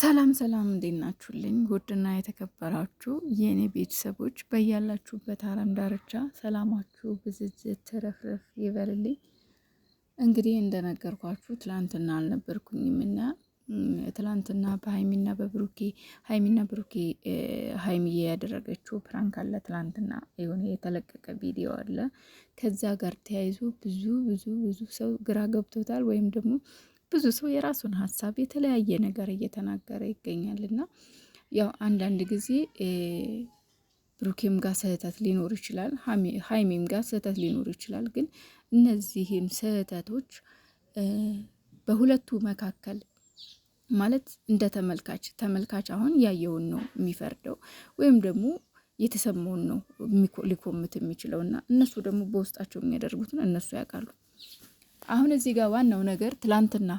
ሰላም ሰላም፣ እንዴት ናችሁልኝ? ውድና የተከበራችሁ የእኔ ቤተሰቦች በያላችሁበት አለም ዳርቻ ሰላማችሁ ብዝዝት ትረፍረፍ ይበልልኝ። እንግዲህ እንደነገርኳችሁ ትላንትና አልነበርኩኝም እና ትላንትና በሀይሚና በብሩኬ ሀይሚና ብሩኬ ሀይሚዬ ያደረገችው ፕራንክ አለ። ትላንትና የሆነ የተለቀቀ ቪዲዮ አለ። ከዛ ጋር ተያይዞ ብዙ ብዙ ብዙ ሰው ግራ ገብቶታል ወይም ደግሞ ብዙ ሰው የራሱን ሀሳብ የተለያየ ነገር እየተናገረ ይገኛል። እና ያው አንዳንድ ጊዜ ብሩኬም ጋር ስህተት ሊኖር ይችላል፣ ሀይሜም ጋር ስህተት ሊኖር ይችላል። ግን እነዚህን ስህተቶች በሁለቱ መካከል ማለት እንደ ተመልካች ተመልካች አሁን ያየውን ነው የሚፈርደው ወይም ደግሞ የተሰማውን ነው ሊኮምት የሚችለው እና እነሱ ደግሞ በውስጣቸው የሚያደርጉትን እነሱ ያውቃሉ። አሁን እዚህ ጋር ዋናው ነገር ትላንትና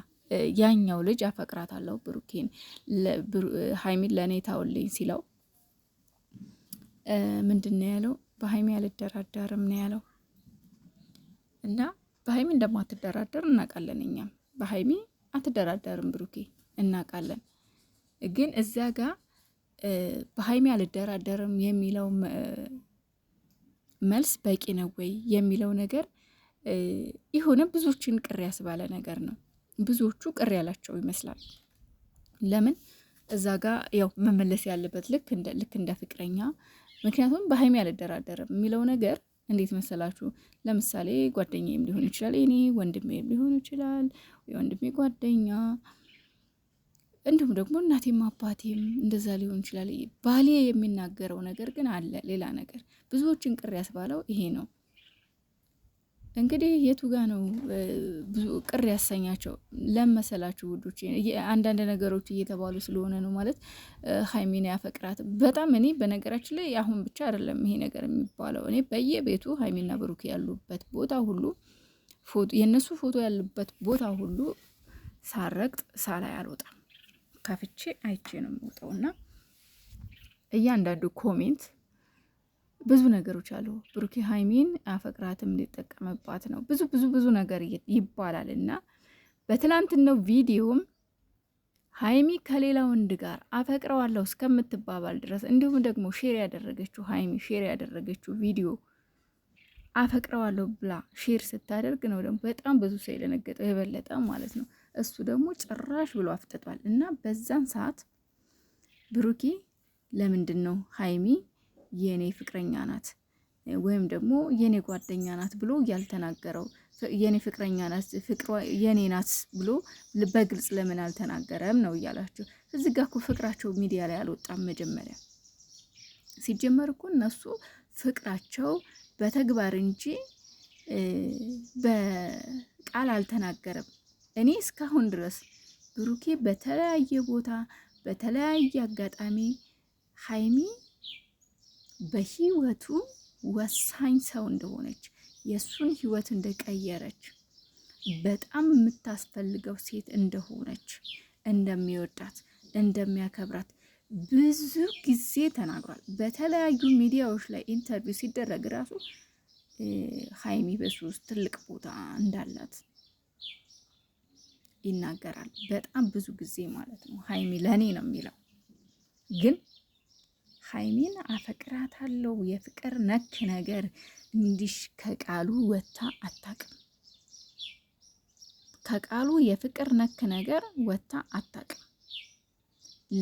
ያኛው ልጅ አፈቅራታለሁ ብሩኬን ሀይሚን ለእኔ ታውልኝ ሲለው ምንድን ነው ያለው? በሀይሚ አልደራደርም ነው ያለው። እና በሀይሚ እንደማትደራደር እናውቃለን። እኛም በሀይሚ አትደራደርም ብሩኬ እናውቃለን። ግን እዛ ጋ በሀይሚ አልደራደርም የሚለው መልስ በቂ ነው ወይ የሚለው ነገር የሆነ ብዙዎችን ቅር ያስባለ ነገር ነው። ብዙዎቹ ቅር ያላቸው ይመስላል። ለምን እዛ ጋ ያው መመለስ ያለበት ልክ እንደ ፍቅረኛ ምክንያቱም በሀይሚ አልደራደርም የሚለው ነገር እንዴት መሰላችሁ? ለምሳሌ ጓደኛዬም ሊሆን ይችላል፣ እኔ ወንድሜም ሊሆን ይችላል፣ ወንድሜ ጓደኛ እንዲሁም ደግሞ እናቴም አባቴም እንደዛ ሊሆን ይችላል። ባሌ የሚናገረው ነገር ግን አለ ሌላ ነገር። ብዙዎችን ቅር ያስባለው ይሄ ነው። እንግዲህ የቱ ጋ ነው ብዙ ቅር ያሰኛቸው ለመሰላችሁ ውዶች? አንዳንድ ነገሮች እየተባሉ ስለሆነ ነው ማለት ሀይሚን ያፈቅራት በጣም እኔ በነገራችን ላይ አሁን ብቻ አይደለም ይሄ ነገር የሚባለው። እኔ በየቤቱ ሀይሚና ብሩክ ያሉበት ቦታ ሁሉ ፎቶ የእነሱ ፎቶ ያሉበት ቦታ ሁሉ ሳረግጥ ሳላይ አልወጣም። ከፍቼ አይቼ ነው የምወጣው እና እያንዳንዱ ኮሜንት ብዙ ነገሮች አሉ። ብሩኬ ሀይሚን አፈቅራትም ሊጠቀምባት ነው ብዙ ብዙ ብዙ ነገር ይባላል እና በትላንትናው ቪዲዮም ሀይሚ ከሌላ ወንድ ጋር አፈቅረዋለሁ እስከምትባባል ድረስ እንዲሁም ደግሞ ሼር ያደረገችው ሀይሚ ሼር ያደረገችው ቪዲዮ አፈቅረዋለሁ ብላ ሼር ስታደርግ ነው ደግሞ በጣም ብዙ ሰው የደነገጠው የበለጠ ማለት ነው። እሱ ደግሞ ጭራሽ ብሎ አፍጥጧል እና በዛን ሰዓት ብሩኪ ለምንድን ነው ሀይሚ የኔ ፍቅረኛ ናት ወይም ደግሞ የኔ ጓደኛ ናት ብሎ ያልተናገረው የኔ ፍቅረኛ ናት ፍቅሯ የኔ ናት ብሎ በግልጽ ለምን አልተናገረም ነው እያላችሁ እዚህ ጋር እኮ ፍቅራቸው ሚዲያ ላይ አልወጣም። መጀመሪያ ሲጀመር እኮ እነሱ ፍቅራቸው በተግባር እንጂ በቃል አልተናገረም። እኔ እስካሁን ድረስ ብሩኬ በተለያየ ቦታ በተለያየ አጋጣሚ ሀይሚ በህይወቱ ወሳኝ ሰው እንደሆነች የእሱን ህይወት እንደቀየረች በጣም የምታስፈልገው ሴት እንደሆነች እንደሚወዳት እንደሚያከብራት ብዙ ጊዜ ተናግሯል። በተለያዩ ሚዲያዎች ላይ ኢንተርቪው ሲደረግ ራሱ ሀይሚ በሱ ውስጥ ትልቅ ቦታ እንዳላት ይናገራል። በጣም ብዙ ጊዜ ማለት ነው። ሀይሚ ለእኔ ነው የሚለው ግን ሀይሚን አፈቅራታለሁ የፍቅር ነክ ነገር እንዲሽ ከቃሉ ወታ አታቅም። ከቃሉ የፍቅር ነክ ነገር ወታ አታቅም።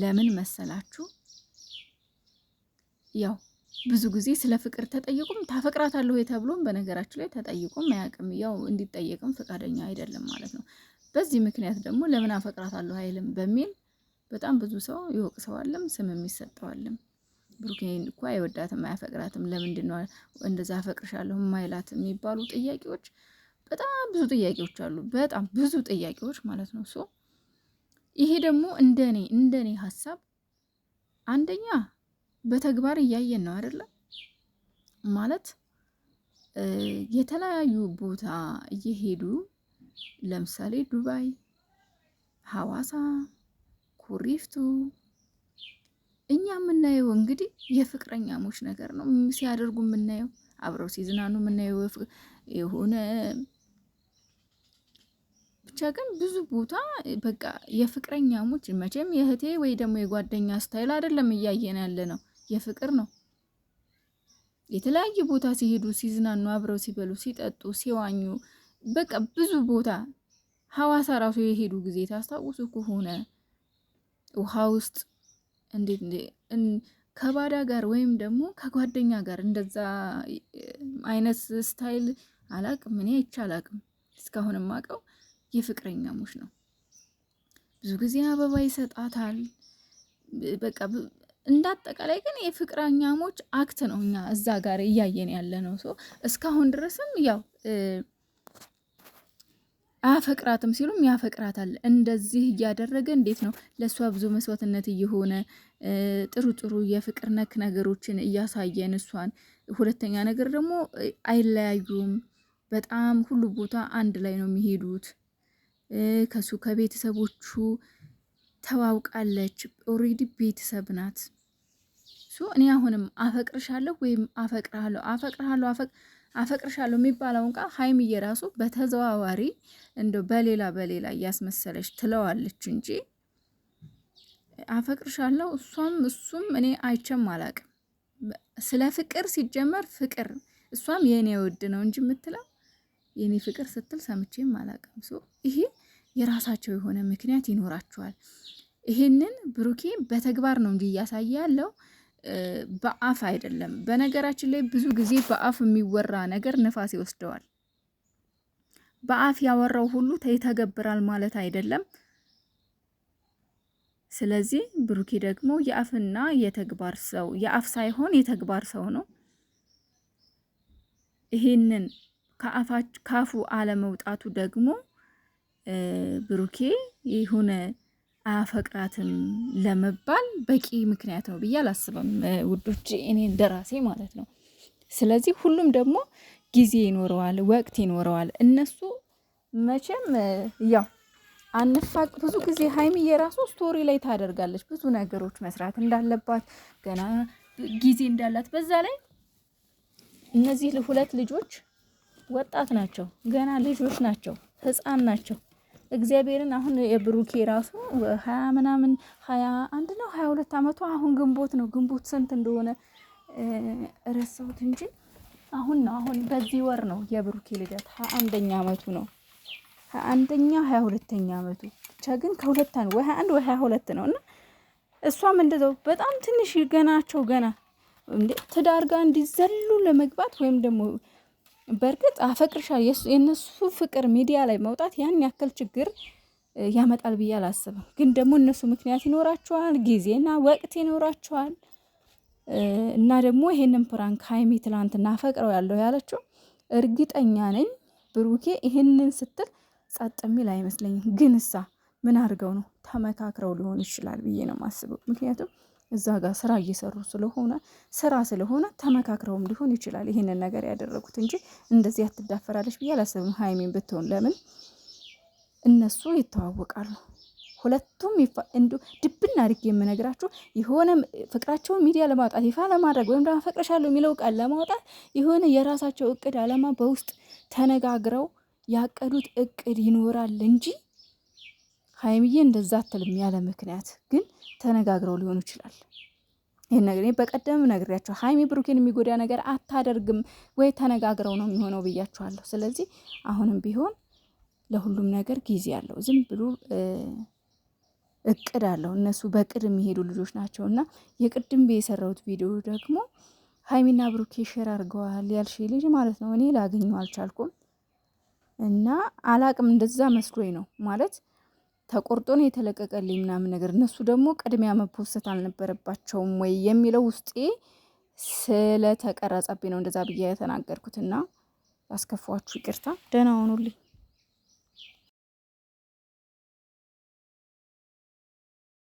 ለምን መሰላችሁ? ያው ብዙ ጊዜ ስለ ፍቅር ተጠይቁም ታፈቅራታለሁ የተብሎም በነገራችን ላይ ተጠይቁም አያውቅም። ያው እንዲጠየቅም ፈቃደኛ አይደለም ማለት ነው። በዚህ ምክንያት ደግሞ ለምን አፈቅራታለሁ አይልም በሚል በጣም ብዙ ሰው ይወቅሰዋልም ስምም የሚሰጠዋልም። ብሩኬን እኮ አይወዳትም አያፈቅራትም። ለምንድን ነው እንደዛ አፈቅርሻለሁ ማይላት የሚባሉ ጥያቄዎች በጣም ብዙ ጥያቄዎች አሉ። በጣም ብዙ ጥያቄዎች ማለት ነው። ሶ ይሄ ደግሞ እንደኔ እንደኔ ሀሳብ አንደኛ በተግባር እያየን ነው አይደለም ማለት የተለያዩ ቦታ እየሄዱ ለምሳሌ ዱባይ፣ ሐዋሳ፣ ኩሪፍቱ እኛ የምናየው እንግዲህ የፍቅረኛሞች ነገር ነው ሲያደርጉ የምናየው አብረው ሲዝናኑ የምናየው የሆነ ብቻ ግን ብዙ ቦታ በቃ የፍቅረኛሞች መቼም የእህቴ ወይ ደግሞ የጓደኛ ስታይል አይደለም እያየን ያለ ነው፣ የፍቅር ነው። የተለያየ ቦታ ሲሄዱ ሲዝናኑ፣ አብረው ሲበሉ፣ ሲጠጡ፣ ሲዋኙ በቃ ብዙ ቦታ ሀዋሳ ራሱ የሄዱ ጊዜ ታስታውሱ ከሆነ ውሃ ውስጥ እንዴት ከባዳ ጋር ወይም ደግሞ ከጓደኛ ጋር እንደዛ አይነት ስታይል አላቅም፣ እኔ አይቼ አላቅም። እስካሁን የማውቀው የፍቅረኛሞች ነው። ብዙ ጊዜ አበባ ይሰጣታል። በቃ እንዳጠቃላይ ግን የፍቅረኛሞች አክት ነው እኛ እዛ ጋር እያየን ያለ ነው። እስካሁን ድረስም ያው አፈቅራትም ሲሉም ያፈቅራታል። እንደዚህ እያደረገ እንዴት ነው ለእሷ ብዙ መስዋዕትነት እየሆነ ጥሩ ጥሩ የፍቅር ነክ ነገሮችን እያሳየን እሷን። ሁለተኛ ነገር ደግሞ አይለያዩም፣ በጣም ሁሉ ቦታ አንድ ላይ ነው የሚሄዱት። ከሱ ከቤተሰቦቹ ተዋውቃለች። ኦሬዲ ቤተሰብ ናት። እኔ አሁንም አፈቅርሻለሁ ወይም አፈቅርሃለሁ አፈቅርሃለሁ አፈቅርሻለሁ የሚባለውን ቃል ሀይሚዬ ራሱ በተዘዋዋሪ እንደ በሌላ በሌላ እያስመሰለች ትለዋለች እንጂ አፈቅርሻለሁ እሷም እሱም እኔ አይቼም አላቅም። ስለ ፍቅር ሲጀመር ፍቅር እሷም የእኔ ውድ ነው እንጂ የምትለው የእኔ ፍቅር ስትል ሰምቼም አላቅም። ሶ ይሄ የራሳቸው የሆነ ምክንያት ይኖራቸዋል። ይሄንን ብሩኬ በተግባር ነው እንጂ እያሳየ ያለው በአፍ አይደለም። በነገራችን ላይ ብዙ ጊዜ በአፍ የሚወራ ነገር ነፋስ ይወስደዋል። በአፍ ያወራው ሁሉ ይተገብራል ማለት አይደለም። ስለዚህ ብሩኬ ደግሞ የአፍና የተግባር ሰው የአፍ ሳይሆን የተግባር ሰው ነው። ይህንን ከአፉ አለመውጣቱ ደግሞ ብሩኬ የሆነ አያፈቅራትም ለመባል በቂ ምክንያት ነው ብዬ አላስብም ውዶች፣ እኔ እንደራሴ ማለት ነው። ስለዚህ ሁሉም ደግሞ ጊዜ ይኖረዋል፣ ወቅት ይኖረዋል። እነሱ መቼም ያው አንፋቅ ብዙ ጊዜ ሀይሚ የራሱ ስቶሪ ላይ ታደርጋለች ብዙ ነገሮች መስራት እንዳለባት ገና ጊዜ እንዳላት። በዛ ላይ እነዚህ ሁለት ልጆች ወጣት ናቸው፣ ገና ልጆች ናቸው፣ ህፃን ናቸው። እግዚአብሔርን አሁን የብሩኬ ራሱ ሀያ ምናምን ሀያ አንድ ነው ሀያ ሁለት አመቱ አሁን ግንቦት ነው። ግንቦት ስንት እንደሆነ ረሳሁት እንጂ አሁን ነው አሁን በዚህ ወር ነው የብሩኬ ልደት ሀያ አንደኛ አመቱ ነው። ሀያ አንደኛ ሀያ ሁለተኛ አመቱ ብቻ ግን ከሁለት ነው ወይ ሀያ አንድ ወይ ሀያ ሁለት ነው እና እሷም እንደዛው በጣም ትንሽ ገናቸው ገና እንዴ ትዳር እንዲዘሉ ለመግባት ወይም ደግሞ በእርግጥ አፈቅርሻ የእነሱ ፍቅር ሚዲያ ላይ መውጣት ያን ያክል ችግር ያመጣል ብዬ አላስብም። ግን ደግሞ እነሱ ምክንያት ይኖራቸዋል፣ ጊዜና ወቅት ይኖራቸዋል። እና ደግሞ ይሄንን ፕራንክ ሀይሚ ትላንትና ፈቅረው ያለው ያለችው እርግጠኛ ነኝ ብሩኬ ይህንን ስትል ጸጥ የሚል አይመስለኝም። ግን እሳ ምን አድርገው ነው ተመካክረው ሊሆን ይችላል ብዬ ነው የማስበው ምክንያቱም እዛ ጋር ስራ እየሰሩ ስለሆነ ስራ ስለሆነ ተመካክረውም ሊሆን ይችላል ይህንን ነገር ያደረጉት እንጂ እንደዚህ አትዳፈራለች ብዬ አላስብም። ሀይሚን ብትሆን ለምን እነሱ ይተዋወቃሉ። ሁለቱም እንዲ ድብና አድርጌ የምነግራችሁ የሆነ ፍቅራቸውን ሚዲያ ለማውጣት ይፋ ለማድረግ ወይም ደግሞ ፈቅረሻለሁ የሚለው ቃል ለማውጣት የሆነ የራሳቸው እቅድ አላማ በውስጥ ተነጋግረው ያቀዱት እቅድ ይኖራል እንጂ ሀይሚዬ እንደዛ አትልም ያለ ምክንያት ግን ተነጋግረው ሊሆኑ ይችላል። ይህን ነገር በቀደም ነግሬያቸው ሀይሚ ብሩኬን የሚጎዳ ነገር አታደርግም ወይ ተነጋግረው ነው የሚሆነው ብያችኋለሁ። ስለዚህ አሁንም ቢሆን ለሁሉም ነገር ጊዜ አለው። ዝም ብሎ እቅድ አለው። እነሱ በቅድ የሚሄዱ ልጆች ናቸው እና የቅድም የሰራሁት ቪዲዮ ደግሞ ሀይሚና ብሩኬ ሼር አድርገዋል ያልሽ ልጅ ማለት ነው እኔ ላገኘው አልቻልኩም እና አላቅም እንደዛ መስሎኝ ነው ማለት ተቆርጦ ነው የተለቀቀልኝ ምናምን ነገር እነሱ ደግሞ ቅድሚያ መፖሰት አልነበረባቸውም ወይ የሚለው ውስጤ ስለተቀረጸብኝ ነው እንደዛ ብዬ የተናገርኩትና ያስከፋችሁ ይቅርታ። ደህና ሆኑልኝ።